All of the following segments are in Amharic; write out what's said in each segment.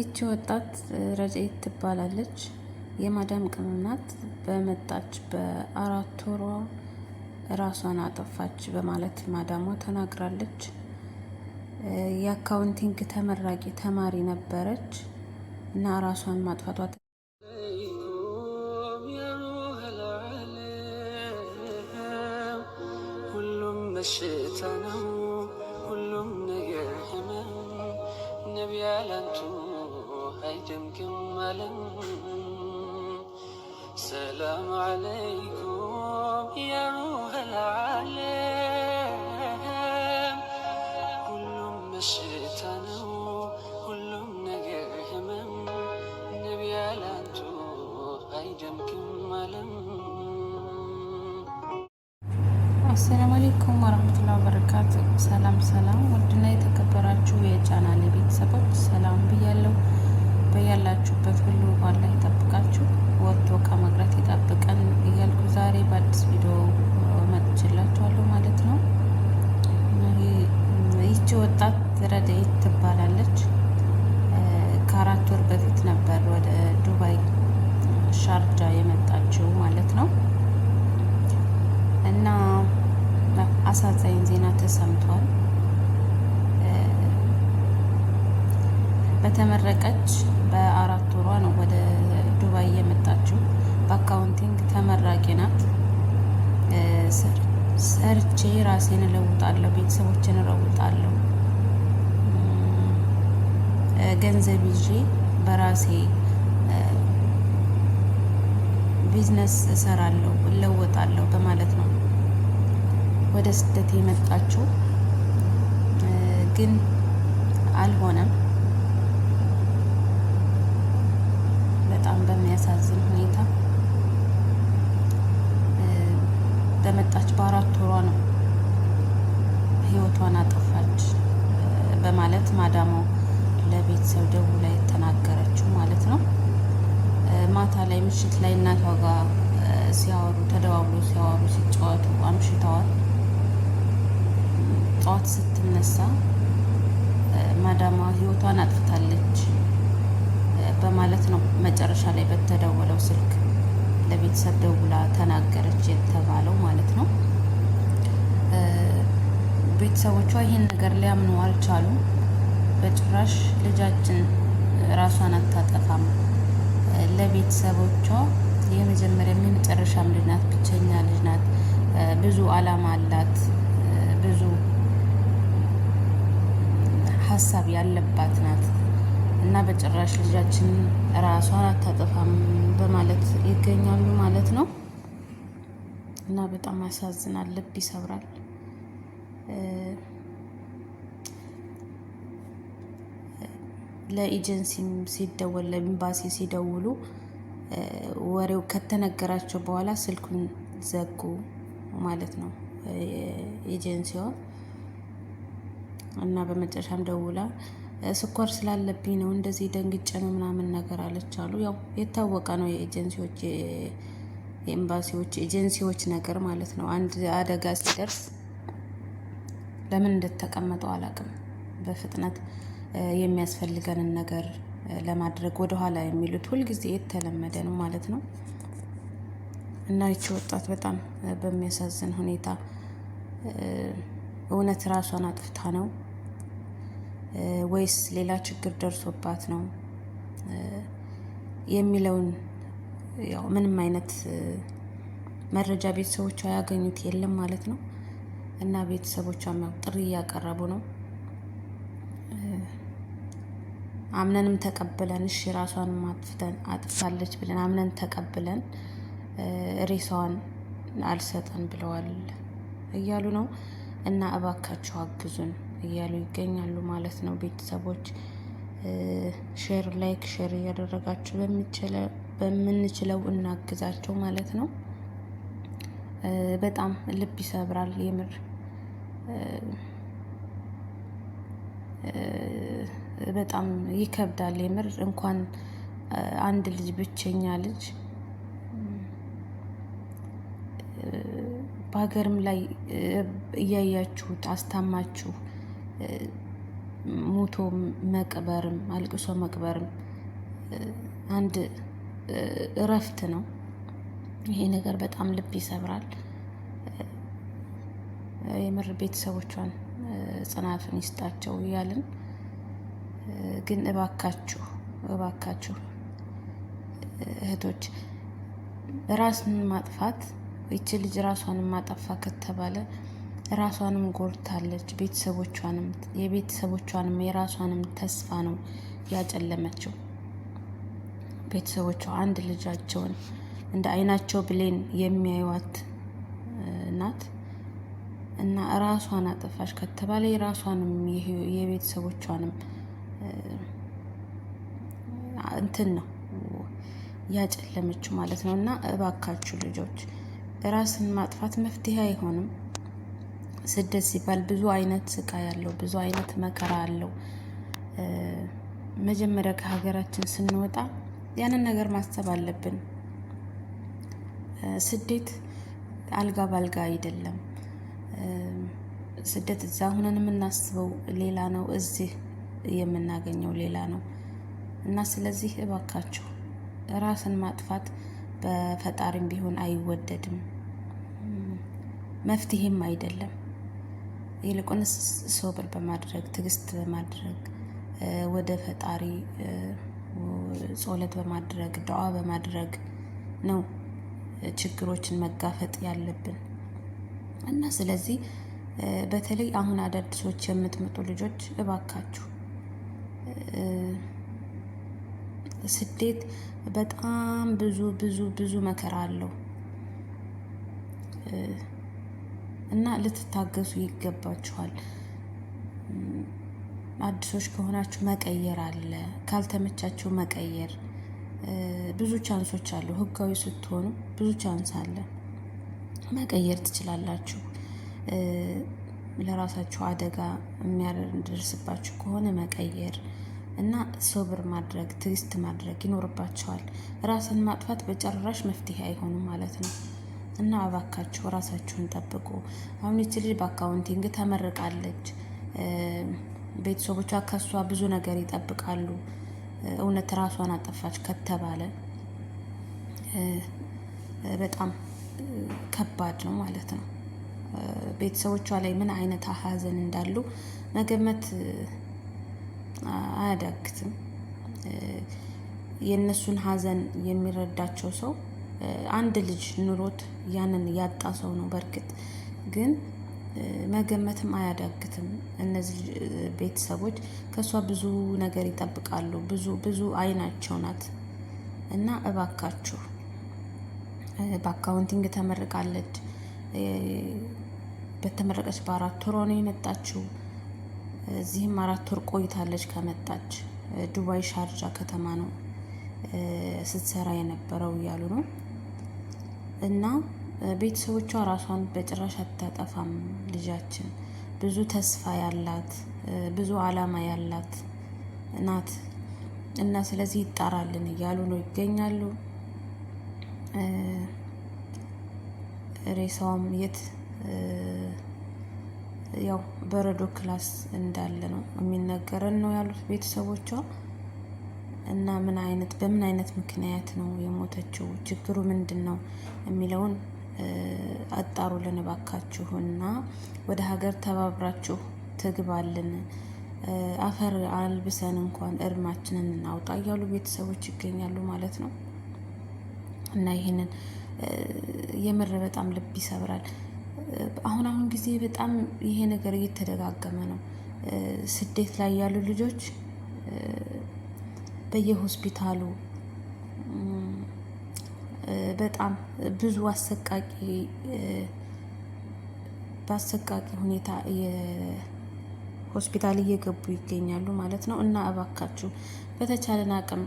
ይቺ ወጣት ረድኤት ትባላለች። የማዳም ቅመም ናት። በመጣች በአራት ወሯ ራሷን አጠፋች በማለት ማዳሟ ተናግራለች። የአካውንቲንግ ተመራቂ ተማሪ ነበረች እና ራሷን ማጥፋቷ ሁሉም በሽታ ነው። ጀምግም አለን። ሰላም አለይኩም ሁሉም በሽታ ነው፣ ሁሉም ነገር ህመም። ነቢ ያላንቱ አይደምግም አሰላሙ ወረህመቱላሂ ወበረካቱ። ሰላም ሰላም፣ ውድና የተከበራችሁ የጫናሌ ቤተሰቦች ሰላም ብያለሁ። በያላችሁበት ሁሉ ባላ ይጠብቃችሁ፣ ወጥቶ ከመቅረት ይጠብቀን እያልኩ ዛሬ በአዲስ ቪዲዮ መጥቼላችኋለሁ ማለት ነው። ይቺ ወጣት ረዳይት ትባላለች። ከአራት ወር በፊት ነበር ወደ ዱባይ ሻርጃ የመጣችው ማለት ነው እና አሳዛኝ ዜና ተሰምቷል። በተመረቀች ነው ወደ ዱባይ የመጣችው። በአካውንቲንግ ተመራቂ ናት። ሰርቼ ራሴን እለውጣለሁ፣ ቤተሰቦችን እለውጣለሁ፣ ገንዘብ ይዤ በራሴ ቢዝነስ እሰራለሁ፣ እለወጣለሁ በማለት ነው ወደ ስደት የመጣችው ግን አልሆነም። በጣም በሚያሳዝን ሁኔታ በመጣች በአራት ወሯ ነው ህይወቷን አጠፋች በማለት ማዳሟ ለቤተሰብ ደውላ የተናገረችው ማለት ነው። ማታ ላይ ምሽት ላይ እናቷ ጋር ሲያወሩ ተደዋውሎ ሲያወሩ ሲጫወቱ አምሽተዋል። ጠዋት ስትነሳ ማዳሟ ህይወቷን አጥፍታለች በማለት ነው መጨረሻ ላይ በተደወለው ስልክ ለቤተሰብ ደውላ ተናገረች የተባለው ማለት ነው። ቤተሰቦቿ ይህን ነገር ሊያምኑ አልቻሉ። በጭራሽ ልጃችን ራሷን አታጠፋም፣ ለቤተሰቦቿ የመጀመሪያም የመጨረሻም ልጅ ናት፣ ብቸኛ ልጅ ናት፣ ብዙ አላማ አላት፣ ብዙ ሀሳብ ያለባት ናት እና በጭራሽ ልጃችን ራሷን አታጠፋም በማለት ይገኛሉ ማለት ነው። እና በጣም ያሳዝናል፣ ልብ ይሰብራል። ለኤጀንሲም ሲደወል ለኤምባሲ ሲደውሉ ወሬው ከተነገራቸው በኋላ ስልኩን ዘጉ ማለት ነው ኤጀንሲዋ እና በመጨረሻም ደውላ ስኳር ስላለብኝ ነው እንደዚህ ደንግጬ ነው ምናምን ነገር አለች አሉ። ያው የታወቀ ነው የኤጀንሲዎች የኤምባሲዎች ኤጀንሲዎች ነገር ማለት ነው። አንድ አደጋ ሲደርስ ለምን እንደተቀመጠው አላውቅም። በፍጥነት የሚያስፈልገንን ነገር ለማድረግ ወደኋላ የሚሉት ሁልጊዜ የተለመደ ነው ማለት ነው። እና ይቺ ወጣት በጣም በሚያሳዝን ሁኔታ እውነት ራሷን አጥፍታ ነው ወይስ ሌላ ችግር ደርሶባት ነው የሚለውን ያው ምንም አይነት መረጃ ቤተሰቦቿ ያገኙት የለም ማለት ነው። እና ቤተሰቦቿም ያው ጥሪ እያቀረቡ ነው። አምነንም ተቀብለን እሺ ራሷንም አጥፍተን አጥፍታለች ብለን አምነን ተቀብለን ሬሳዋን አልሰጠን ብለዋል እያሉ ነው። እና እባካችሁ አግዙን። እያሉ ይገኛሉ ማለት ነው። ቤተሰቦች ሼር፣ ላይክ፣ ሼር እያደረጋችሁ በምንችለው እናግዛቸው ማለት ነው። በጣም ልብ ይሰብራል የምር በጣም ይከብዳል የምር እንኳን አንድ ልጅ ብቸኛ ልጅ በሀገርም ላይ እያያችሁት አስታማችሁ ሞቶ መቅበርም አልቅሶ መቅበርም አንድ እረፍት ነው። ይሄ ነገር በጣም ልብ ይሰብራል። የምር ቤተሰቦቿን ጽናቱን ይስጣቸው እያልን ግን እባካችሁ እባካችሁ እህቶች ራስን ማጥፋት ይቺ ልጅ ራሷን ማጠፋ ከተባለ ራሷንም ጎድታለች። ቤተሰቦቿንም የቤተሰቦቿንም የራሷንም ተስፋ ነው ያጨለመችው። ቤተሰቦቿ አንድ ልጃቸውን እንደ አይናቸው ብሌን የሚያዩዋት ናት እና ራሷን አጠፋች ከተባለ የራሷንም የቤተሰቦቿንም እንትን ነው ያጨለመችው ማለት ነው። እና እባካችሁ ልጆች ራስን ማጥፋት መፍትሄ አይሆንም። ስደት ሲባል ብዙ አይነት ስቃይ አለው፣ ብዙ አይነት መከራ አለው። መጀመሪያ ከሀገራችን ስንወጣ ያንን ነገር ማሰብ አለብን። ስደት አልጋ ባልጋ አይደለም። ስደት እዛ ሁነን የምናስበው ሌላ ነው፣ እዚህ የምናገኘው ሌላ ነው እና ስለዚህ እባካችሁ ራስን ማጥፋት በፈጣሪም ቢሆን አይወደድም፣ መፍትሄም አይደለም። ይልቁንስ ሶብር በማድረግ ትዕግስት በማድረግ ወደ ፈጣሪ ጾለት በማድረግ ዱዓ በማድረግ ነው ችግሮችን መጋፈጥ ያለብን እና ስለዚህ በተለይ አሁን አዳዲሶች የምትመጡ ልጆች እባካችሁ ስደት በጣም ብዙ ብዙ ብዙ መከራ አለው። እና ልትታገሱ ይገባችኋል። አዲሶች ከሆናችሁ መቀየር አለ፣ ካልተመቻችሁ መቀየር። ብዙ ቻንሶች አሉ። ህጋዊ ስትሆኑ ብዙ ቻንስ አለ፣ መቀየር ትችላላችሁ። ለራሳችሁ አደጋ የሚያደርስባችሁ ከሆነ መቀየር እና ሶብር ማድረግ ትዕግስት ማድረግ ይኖርባቸዋል። ራስን ማጥፋት በጨራሽ መፍትሄ አይሆንም ማለት ነው። እና እባካችሁ ራሳችሁን ጠብቁ። አሁን ይቺ ልጅ በአካውንቲንግ ተመርቃለች። ቤተሰቦቿ ከሷ ብዙ ነገር ይጠብቃሉ። እውነት ራሷን አጠፋች ከተባለ በጣም ከባድ ነው ማለት ነው። ቤተሰቦቿ ላይ ምን አይነት ሀዘን እንዳሉ መገመት አያዳግትም። የእነሱን ሀዘን የሚረዳቸው ሰው አንድ ልጅ ኑሮት ያንን ያጣ ሰው ነው። በእርግጥ ግን መገመትም አያዳግትም። እነዚህ ቤተሰቦች ከእሷ ብዙ ነገር ይጠብቃሉ። ብዙ ብዙ አይናቸው ናት እና እባካችሁ በአካውንቲንግ ተመርቃለች። በተመረቀች በአራት ወሯ ነው የመጣችው። እዚህም አራት ወር ቆይታለች ከመጣች። ዱባይ ሻርጃ ከተማ ነው ስትሰራ የነበረው እያሉ ነው። እና ቤተሰቦቿ ራሷን በጭራሽ አታጠፋም። ልጃችን ብዙ ተስፋ ያላት ብዙ አላማ ያላት ናት እና ስለዚህ ይጣራልን እያሉ ነው ይገኛሉ። ሬሳውም የት ያው በረዶ ክላስ እንዳለ ነው የሚነገረን ነው ያሉት ቤተሰቦቿ። እና ምን አይነት በምን አይነት ምክንያት ነው የሞተችው፣ ችግሩ ምንድን ነው የሚለውን አጣሩልን እና ወደ ሀገር ተባብራችሁ ትግባልን አፈር አልብሰን እንኳን እርማችንን እናውጣ እያሉ ቤተሰቦች ይገኛሉ ማለት ነው። እና ይህንን የምር በጣም ልብ ይሰብራል። አሁን አሁን ጊዜ በጣም ይሄ ነገር እየተደጋገመ ነው። ስደት ላይ ያሉ ልጆች በየሆስፒታሉ በጣም ብዙ አሰቃቂ በአሰቃቂ ሁኔታ ሆስፒታል እየገቡ ይገኛሉ ማለት ነው። እና እባካችሁ በተቻለን አቅም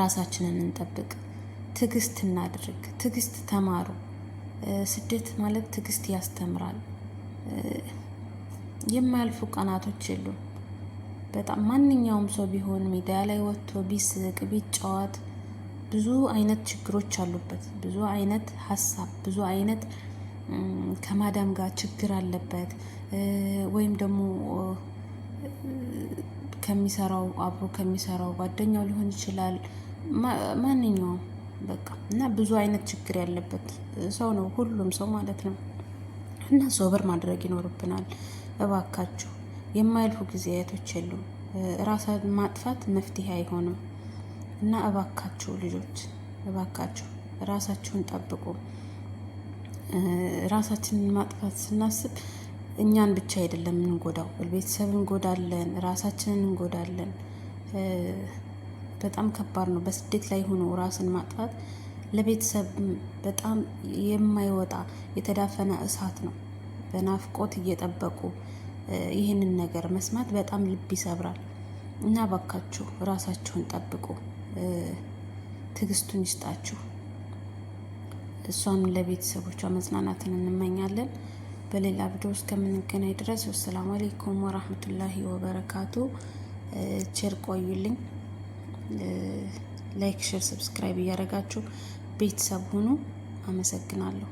ራሳችንን እንጠብቅ፣ ትዕግስት እናድርግ፣ ትዕግስት ተማሩ። ስደት ማለት ትዕግስት ያስተምራል። የማያልፉ ቀናቶች የሉም። በጣም ማንኛውም ሰው ቢሆን ሚዲያ ላይ ወጥቶ ቢስቅ ቢጫወት ብዙ አይነት ችግሮች አሉበት። ብዙ አይነት ሀሳብ ብዙ አይነት ከማዳም ጋር ችግር አለበት ወይም ደግሞ ከሚሰራው አብሮ ከሚሰራው ጓደኛው ሊሆን ይችላል። ማንኛውም በቃ እና ብዙ አይነት ችግር ያለበት ሰው ነው ሁሉም ሰው ማለት ነው። እና ሶበር ማድረግ ይኖርብናል እባካችሁ የማያልፉ ጊዜያቶች የሉም። ራሳን ማጥፋት መፍትሄ አይሆንም እና እባካችሁ ልጆች እባካችሁ ራሳችሁን ጠብቁ። ራሳችንን ማጥፋት ስናስብ እኛን ብቻ አይደለም እንጎዳው፣ ቤተሰብ እንጎዳለን፣ ራሳችንን እንጎዳለን። በጣም ከባድ ነው። በስደት ላይ ሆኖ ራስን ማጥፋት ለቤተሰብ በጣም የማይወጣ የተዳፈነ እሳት ነው። በናፍቆት እየጠበቁ ይህንን ነገር መስማት በጣም ልብ ይሰብራል እና ባካችሁ ራሳችሁን ጠብቁ። ትዕግስቱን ይስጣችሁ። እሷም ለቤተሰቦቿ መጽናናትን እንመኛለን። በሌላ ቪዲዮ እስከምንገናኝ ድረስ ወሰላሙ አሌይኩም ወራህመቱላሂ ወበረካቱ። ቸር ቆዩልኝ። ላይክ፣ ሼር፣ ሰብስክራይብ እያደረጋችሁ ቤተሰብ ሁኑ። አመሰግናለሁ።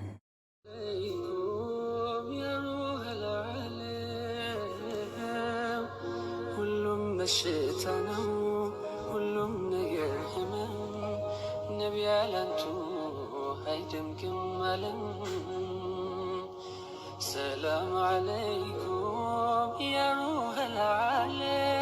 በሽታ ነው ሁሉም ነገር ህመም ነቢ አይደምግም አለም። ሰላም አለይኩም ያ ሩህ